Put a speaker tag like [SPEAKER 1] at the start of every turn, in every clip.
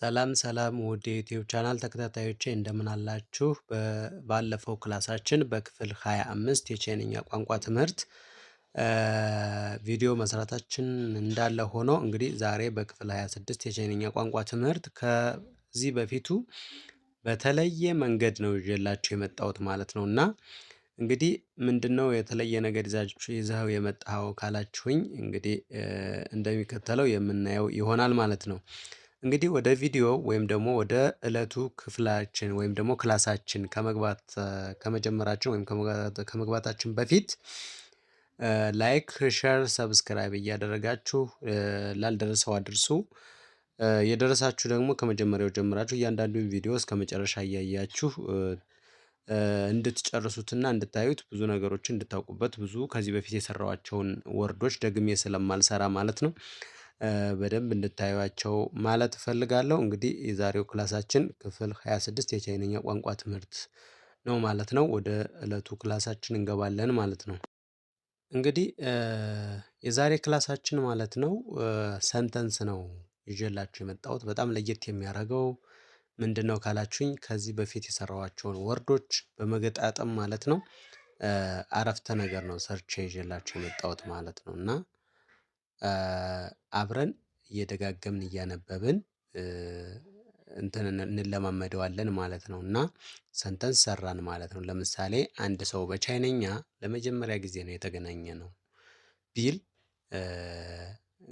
[SPEAKER 1] ሰላም ሰላም ውድ የዩቲዩብ ቻናል ተከታታዮቼ እንደምን አላችሁ? ባለፈው ክላሳችን በክፍል 25 የቻይንኛ ቋንቋ ትምህርት ቪዲዮ መስራታችን እንዳለ ሆኖ እንግዲህ ዛሬ በክፍል 26 የቻይንኛ ቋንቋ ትምህርት ከዚህ በፊቱ በተለየ መንገድ ነው ይዤላችሁ የመጣሁት ማለት ነው እና እንግዲህ ምንድነው የተለየ ነገር ይዛችሁ ይዘኸው የመጣኸው ካላችሁኝ እንግዲህ እንደሚከተለው የምናየው ይሆናል ማለት ነው። እንግዲህ ወደ ቪዲዮ ወይም ደግሞ ወደ እለቱ ክፍላችን ወይም ደግሞ ክላሳችን ከመግባት ከመጀመራችን ወይም ከመግባታችን በፊት ላይክ፣ ሸር፣ ሰብስክራይብ እያደረጋችሁ ላልደረሰው አድርሱ። የደረሳችሁ ደግሞ ከመጀመሪያው ጀምራችሁ እያንዳንዱን ቪዲዮ እስከ መጨረሻ እያያችሁ እንድትጨርሱትና እንድታዩት ብዙ ነገሮችን እንድታውቁበት ብዙ ከዚህ በፊት የሰራኋቸውን ወርዶች ደግሜ ስለማልሰራ ማለት ነው በደንብ እንድታዩቸው ማለት እፈልጋለሁ። እንግዲህ የዛሬው ክላሳችን ክፍል 26 የቻይነኛ ቋንቋ ትምህርት ነው ማለት ነው። ወደ ዕለቱ ክላሳችን እንገባለን ማለት ነው። እንግዲህ የዛሬ ክላሳችን ማለት ነው ሰንተንስ ነው ይዤላችሁ የመጣሁት። በጣም ለየት የሚያደርገው ምንድን ነው ካላችሁኝ ከዚህ በፊት የሰራኋቸውን ወርዶች በመገጣጠም ማለት ነው አረፍተ ነገር ነው ሰርቼ ይዤላችሁ የመጣሁት ማለት ነው እና አብረን እየደጋገምን እያነበብን እንትን እንለማመደዋለን ማለት ነው። እና ሰንተንስ ሰራን ማለት ነው። ለምሳሌ አንድ ሰው በቻይነኛ ለመጀመሪያ ጊዜ ነው የተገናኘ ነው ቢል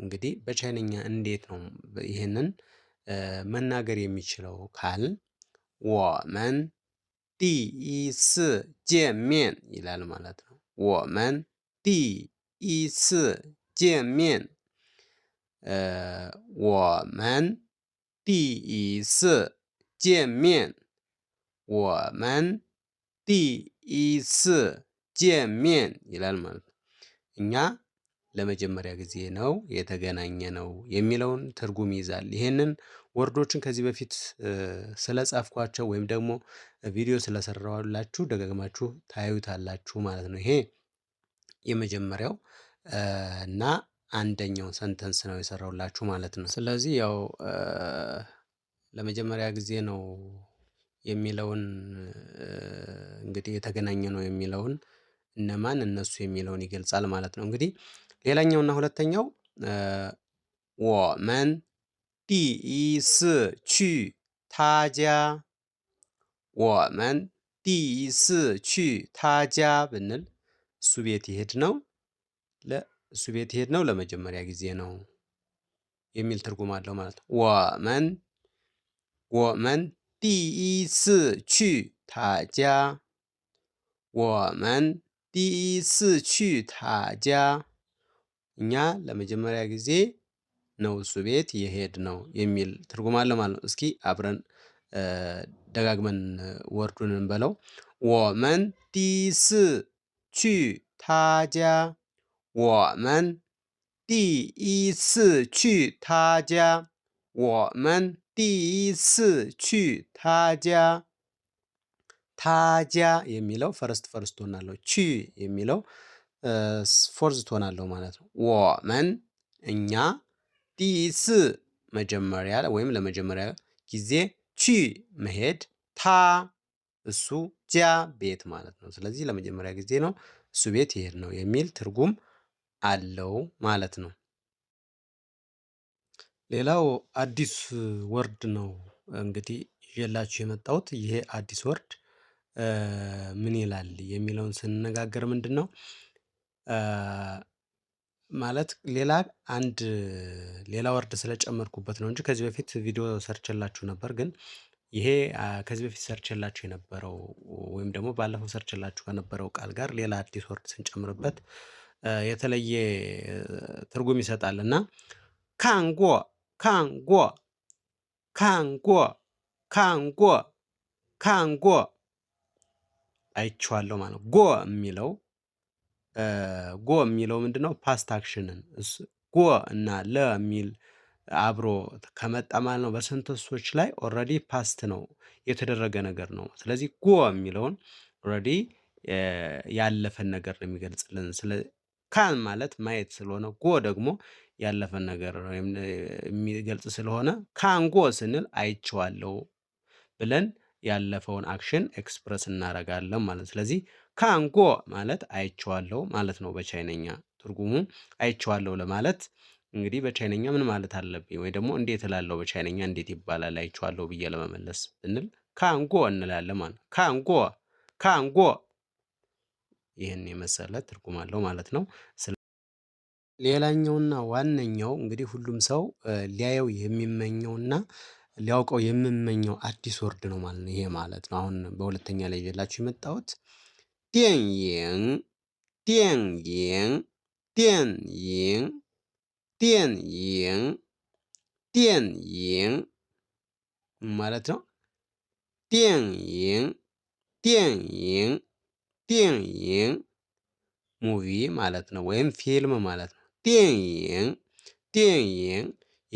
[SPEAKER 1] እንግዲህ በቻይነኛ እንዴት ነው ይህንን መናገር የሚችለው ካል ወመን ዲኢስ ጄሜን ይላል ማለት ነው። ወመን ዲኢስ 见面。呃，我们第一次见面。我们第一次见面 ይላል ማለት ነው። እኛ ለመጀመሪያ ጊዜ ነው የተገናኘ ነው የሚለውን ትርጉም ይይዛል። ይህንን ወርዶችን ከዚህ በፊት ስለጻፍኳቸው ወይም ደግሞ ቪዲዮ ስለሰራሁላችሁ ደጋግማችሁ ታዩታላችሁ ማለት ነው። ይሄ የመጀመሪያው እና አንደኛውን ሰንተንስ ነው የሰራውላችሁ ማለት ነው። ስለዚህ ያው ለመጀመሪያ ጊዜ ነው የሚለውን እንግዲህ የተገናኘ ነው የሚለውን እነማን እነሱ የሚለውን ይገልጻል ማለት ነው። እንግዲህ ሌላኛውና ሁለተኛው ወመን ዲኢስ ቺ ታጃ ወመን ዲኢስ ቺ ታጃ ብንል እሱ ቤት ይሄድ ነው። እሱ ቤት ነው ለመጀመሪያ ጊዜ ነው የሚል ትርጉም አለው ማለት ነው። ወመን ወመን ዲኢስ ቹ ታጃ ወመን ዲኢስ ቹ ታጃ እኛ ለመጀመሪያ ጊዜ ነው እሱ ቤት የሄድ ነው የሚል ትርጉም አለው ማለት ነው። እስኪ አብረን ደጋግመን ወርዱን እንበለው። ወመን ዲስ ቹ ታጃ 我们第一次去他家。我们第一次去他家。他家 የሚለው ፈርስት ፈርስት ትሆናለሁ። ቺ የሚለው ፎርዝ ትሆናለሁ ማለት ነው። ወመን እኛ ዲስ መጀመሪያ ወይም ለመጀመሪያ ጊዜ ቺ መሄድ ታ እሱ ጃ ቤት ማለት ነው። ስለዚህ ለመጀመሪያ ጊዜ ነው እሱ ቤት ይሄድ ነው የሚል ትርጉም አለው ማለት ነው። ሌላው አዲስ ወርድ ነው እንግዲህ ይዤላችሁ የመጣሁት ይሄ አዲስ ወርድ ምን ይላል የሚለውን ስንነጋገር ምንድን ነው ማለት ሌላ አንድ ሌላ ወርድ ስለጨመርኩበት ነው እንጂ ከዚህ በፊት ቪዲዮ ሰርችላችሁ ነበር። ግን ይሄ ከዚህ በፊት ሰርችላችሁ የነበረው ወይም ደግሞ ባለፈው ሰርችላችሁ ከነበረው ቃል ጋር ሌላ አዲስ ወርድ ስንጨምርበት የተለየ ትርጉም ይሰጣል እና ካንጎ ካንጎ ካንጎ ካንጎ ካንጎ አይቼዋለሁ ማለት ነው። ጎ የሚለው ጎ የሚለው ምንድን ነው? ፓስት አክሽንን ጎ እና ለ የሚል አብሮ ከመጣ ማለት ነው። በሰንተሶች ላይ ኦልሬዲ ፓስት ነው የተደረገ ነገር ነው። ስለዚህ ጎ የሚለውን ኦልሬዲ ያለፈን ነገር ነው የሚገልጽልን። ካን ማለት ማየት ስለሆነ ጎ ደግሞ ያለፈን ነገር የሚገልጽ ስለሆነ ካንጎ ስንል አይቼዋለሁ ብለን ያለፈውን አክሽን ኤክስፕረስ እናረጋለን ማለት። ስለዚህ ካንጎ ማለት አይቼዋለሁ ማለት ነው በቻይነኛ ትርጉሙ። አይቼዋለሁ ለማለት እንግዲህ በቻይነኛ ምን ማለት አለብኝ ወይ ደግሞ እንዴት እላለሁ? በቻይነኛ እንዴት ይባላል? አይቼዋለሁ ብዬ ለመመለስ ብንል ካንጎ እንላለን ማለት ካንጎ ካንጎ ይህን የመሰለ ትርጉም አለው ማለት ነው። ሌላኛውና ዋነኛው እንግዲህ ሁሉም ሰው ሊያየው የሚመኘውና ሊያውቀው የምመኘው አዲስ ወርድ ነው ማለት ነው ይሄ ማለት ነው። አሁን በሁለተኛ ላይ ይዤላችሁ የመጣሁት ዲንይን ዲንይን ዲንይን ዲንይን ዲንይን ማለት ነው። ዲንይን ዲንይን 电影 ሙቪ ማለት ነው ወይም ፊልም ማለት ነው። ዲንይን ዲንይን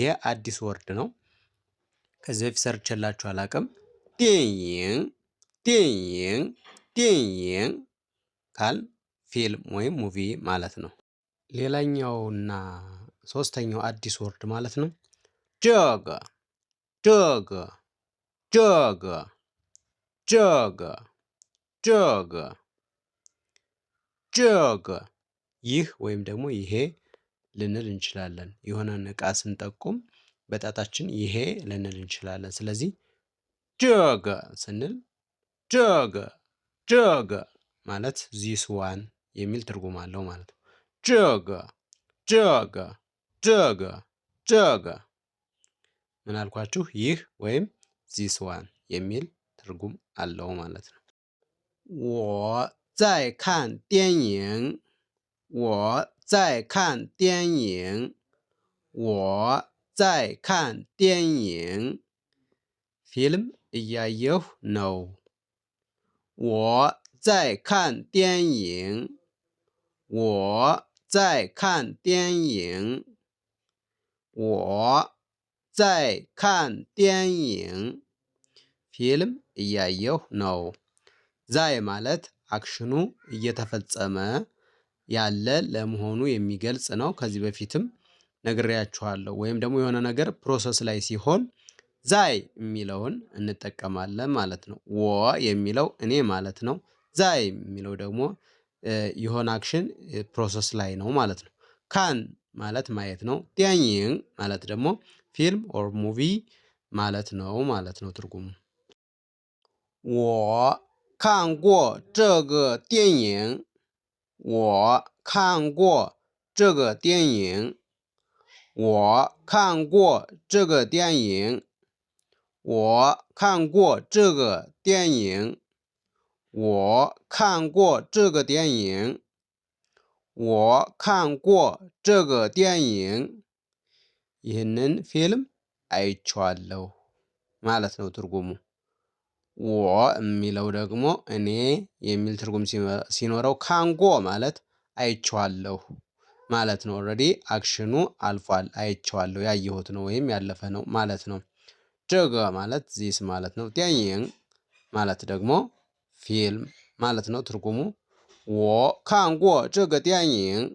[SPEAKER 1] ይህ አዲስ ወርድ ነው። ከዚህ በፊት ሰርቼላችሁ አላውቅም። ዲንይን ዲንይን ዲንይን ካል ፊልም ወይም ሙቪ ማለት ነው። ሌላኛውና ሶስተኛው አዲስ ወርድ ማለት ነው። ጆግ ጆግ ጆግ ጆግ ጆግ ጀግ ይህ ወይም ደግሞ ይሄ ልንል እንችላለን። የሆነን እቃ ስንጠቁም በጣታችን ይሄ ልንል እንችላለን። ስለዚህ ጀግ ስንል ጀግ ጀግ ማለት ዚስ ዋን የሚል ትርጉም አለው ማለት ነው። ጀግ ጀግ ጀግ ጀግ ምናልኳችሁ ይህ ወይም ዚስ ዋን የሚል ትርጉም አለው ማለት ነው። 在看电影，我在看电影，我在看电影，film，哎呀，you know，我在看电影，我在看电影，我在看电影，film，哎呀，you know，在 e t አክሽኑ እየተፈጸመ ያለ ለመሆኑ የሚገልጽ ነው። ከዚህ በፊትም ነግሬያችኋለሁ። ወይም ደግሞ የሆነ ነገር ፕሮሰስ ላይ ሲሆን ዛይ የሚለውን እንጠቀማለን ማለት ነው። ወ የሚለው እኔ ማለት ነው። ዛይ የሚለው ደግሞ የሆነ አክሽን ፕሮሰስ ላይ ነው ማለት ነው። ካን ማለት ማየት ነው። ዲያኝን ማለት ደግሞ ፊልም ኦር ሙቪ ማለት ነው ማለት ነው ትርጉሙ ወ 看过这个电影，我看过这个电影，我看过这个电影，我看过这个电影，我看过这个电影，我看过这个电影，也能飞了？哎，错了，没 ዎ የሚለው ደግሞ እኔ የሚል ትርጉም ሲኖረው ካንጎ ማለት አይቼዋለሁ ማለት ነው። ኦሬዲ አክሽኑ አልፏል አይቼዋለሁ ያየሁት ነው ወይም ያለፈ ነው ማለት ነው። ጀገ ማለት ዚስ ማለት ነው። ዲያንይንግ ማለት ደግሞ ፊልም ማለት ነው። ትርጉሙ ዎ ካንጎ ጀገ ዲያንይንግ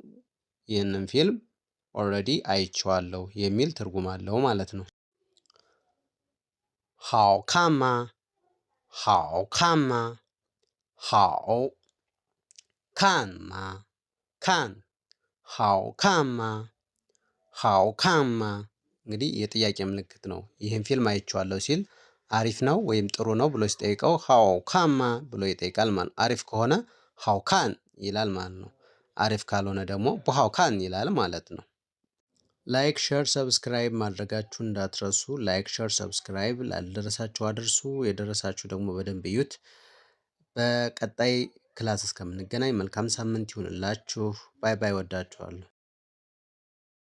[SPEAKER 1] ይህንን ፊልም ኦሬዲ አይቼዋለሁ የሚል ትርጉም አለው ማለት ነው። ሀው ካማ 好看吗？好看吗？看好看吗？好看吗? እንግዲህ የጥያቄ ምልክት ነው። ይህን ፊልም አይቼዋለሁ ሲል አሪፍ ነው ወይም ጥሩ ነው ብሎ ሲጠይቀው ሀው ካማ ብሎ ይጠይቃል ማለት አሪፍ ከሆነ ሀው ካን ይላል ማለት ነው። አሪፍ ካልሆነ ደግሞ ቦሃው ካን ይላል ማለት ነው። ላይክ ሸር ሰብስክራይብ ማድረጋችሁ እንዳትረሱ። ላይክ ሸር ሰብስክራይብ ላልደረሳችሁ አድርሱ። የደረሳችሁ ደግሞ በደንብ እዩት። በቀጣይ ክላስ እስከምንገናኝ መልካም ሳምንት ይሁንላችሁ። ባይ ባይ። ወዳችኋለሁ።